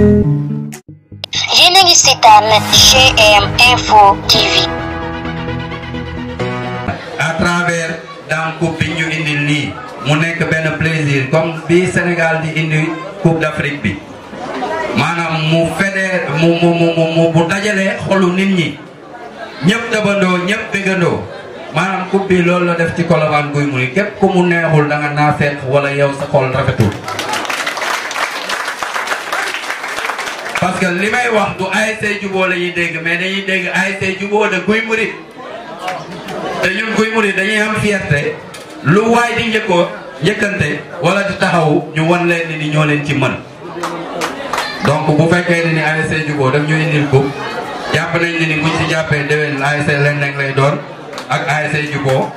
yéen a ngi seetaan GM Info TV. à travers daan bi ñu indil nii mu nekk benn plaisir comme bi Sénégal di indi coupe d'Afrique bi maanaam mu fédère mu mu mu mu bu xolu nit ñi ñëpp dabandoo ñëpp bëggandoo maanaam coupe bi loolu la def ci Colobane Gouye Mouride képp ku mu neexul da nga naa wala yow sa xol rafetul. parce que li may wax du ASC Juboo la ñuy dégg mais dañuy dégg ASC Juboo de Guy Mouride te ñun Guy Mouride dañuy am fierté lu waay di njëkkoo njëkkante wala di taxaw ñu wan leen ni ñoo leen ci mën donc bu fekkee ne ni ASC Juboo daf ñu indil ko jàpp nañ ne ni si jàppee déwén ASC leen nekk lay doon ak ASC Juboo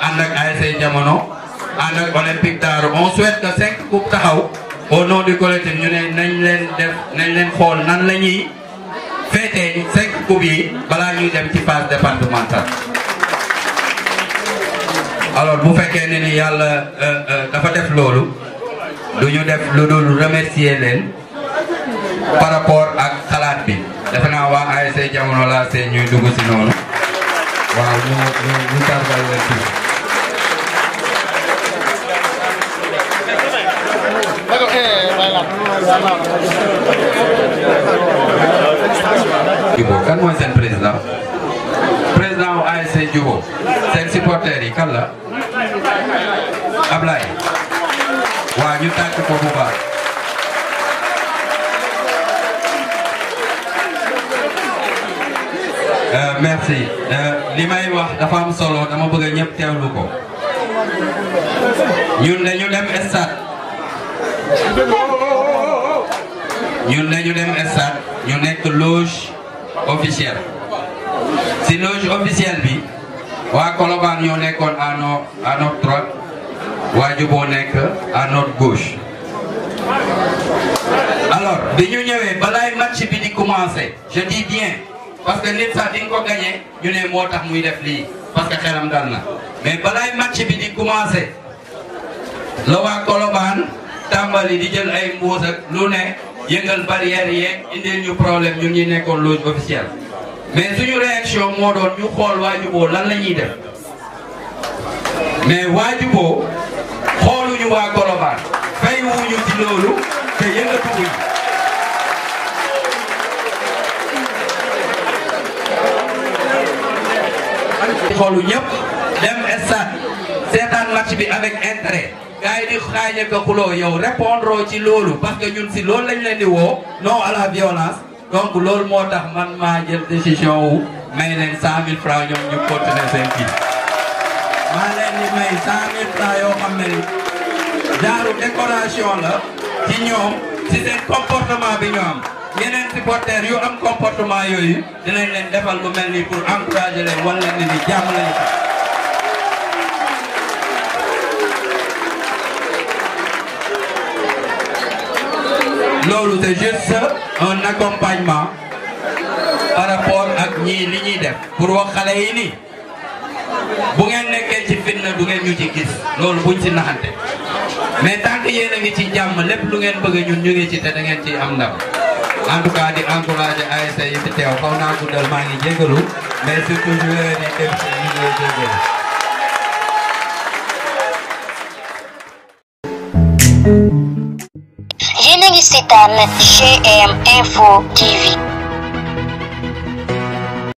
ànd ak ASC Jamono ànd ak Olympique Daaru on souhaite que cinq coupes taxaw au nom du collectif ñu nañ leen def nañ leen xool nan la ñuy féetee cinq coupe yi balaa ñuy dem ci phase départementale. alors bu fekkee ne ni yàlla euh, euh, dafa def loolu du ñu def lu dul remercier leen par rapport ak xalaat bi defe naa waa ASC jamono laa see ñuy dugg si noonu waaw ñu ñu ñu tàmbali leen Jubo kan mooy seen président président wu ASC Jubo seen supporters yi kan la Ablaye waaw ñu tàcc ko bu baax euh, merci euh, li may wax dafa am solo dama bëgg ñëpp teewlu ko ñun dañu dem stade ñun dañu dem stade ñu nekk loge officielle si loge officielle bi waa Colobane ñoo nekkoon à nos à notre droite waa nekk à notre gauche. alors bi ñu ñëwee balaay match bi di commencer je dis bien parce que nit sax di ko gagné ñu ne moo tax muy def lii parce que xelam dal na mais balaay match bi di commencer la waa Colobane tàmbali di jël ay mbuus ak lu ne. yëngal barrière yeeg indil ñu problème ñun ñi nekkoon loge officielle mais suñu réaction moo doon ñu xool waajuboo lan la ñuy def mais waajuboo xooluñu waa Colobane fay wuñu ci loolu te yëngatuñu xoolu ñëpp dem stade seetaan match bi avec intérêt gars yi di xaaja ka xuloo yow répondre ci loolu parce que ñun si loolu lañ leen di woo non à la violence donc loolu moo tax man maa jël décision wu may leen cent mille francs ñoom ñu continuer seen kii maa leen di may cent mille francs yoo xam ne jaaru décoration la ci ñoom si seen comportement bi ñu am yeneen supporters yu am comportement yooyu dinañ leen defal ko mel nii pour encourager leen wan leen ni jàmm lañu loolu c'est juste un accompagnement par rapport ak ñii li ñuy def pour wax xale yi nii bu ngeen nekkee ci fitna du ngeen ñu ci gis loolu buñ ci naxante mais tant que ngi ci jàmm lépp lu ngeen bëgg ñun ñu ngi ci te da ngeen ci am ndam en tout di encouragé ASC yi fi teew xaw naa guddal maa ngi jégalu mais surtout ñu leen di dem ci ñu ngi jégalu thank you a ngi seetaan TV